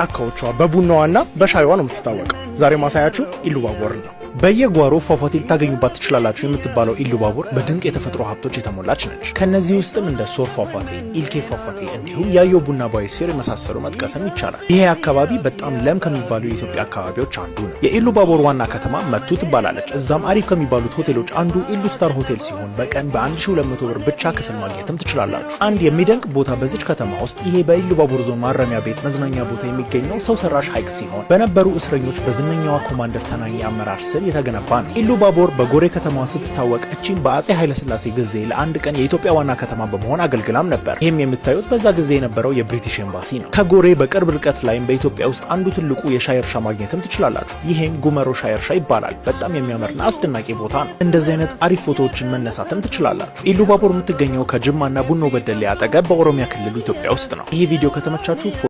በጫካዎቿ በቡናዋና በሻይዋ ነው የምትታወቀው። ዛሬ ማሳያችሁ ኢሉባቦር ነው። በየጓሮ ፏፏቴ ልታገኙባት ትችላላችሁ የምትባለው ባቡር በድንቅ የተፈጥሮ ሀብቶች የተሞላች ነች። ከእነዚህ ውስጥም እንደ ሶር ፏፏቴ፣ ኢልኬ ፏፏቴ እንዲሁም ያዮ ቡና ባዮስፌር የመሳሰሉ መጥቀስም ይቻላል። ይሄ አካባቢ በጣም ለም ከሚባሉ የኢትዮጵያ አካባቢዎች አንዱ ነው። ባቡር ዋና ከተማ መቱ ትባላለች። እዛም አሪፍ ከሚባሉት ሆቴሎች አንዱ ኢሉ ስታር ሆቴል ሲሆን በቀን በ1200 ብር ብቻ ክፍል ማግኘትም ትችላላችሁ። አንድ የሚደንቅ ቦታ በዚች ከተማ ውስጥ ይሄ ባቡር ዞን ማረሚያ ቤት መዝናኛ ቦታ የሚገኘው ሰው ሰራሽ ሀይቅ ሲሆን በነበሩ እስረኞች በዝነኛዋ ኮማንደር ተናኝ አመራር ስር ስር የተገነባ ነው። ባቦር በጎሬ ከተማዋ ስትታወቅ እቺን በአጼ ኃይለሥላሴ ጊዜ ለአንድ ቀን የኢትዮጵያ ዋና ከተማ በመሆን አገልግላም ነበር። ይህም የምታዩት በዛ ጊዜ የነበረው የብሪቲሽ ኤምባሲ ነው። ከጎሬ በቅርብ ርቀት ላይም በኢትዮጵያ ውስጥ አንዱ ትልቁ የሻይ እርሻ ማግኘትም ትችላላችሁ። ይሄም ጉመሮ ሻይ እርሻ ይባላል። በጣም የሚያምርና አስደናቂ ቦታ ነው። እንደዚህ አይነት አሪፍ ፎቶዎችን መነሳትም ትችላላችሁ። ባቦር የምትገኘው ከጅማና ቡኖ በደሌ አጠገብ በኦሮሚያ ክልሉ ኢትዮጵያ ውስጥ ነው። ይህ ቪዲዮ ከተመቻችሁ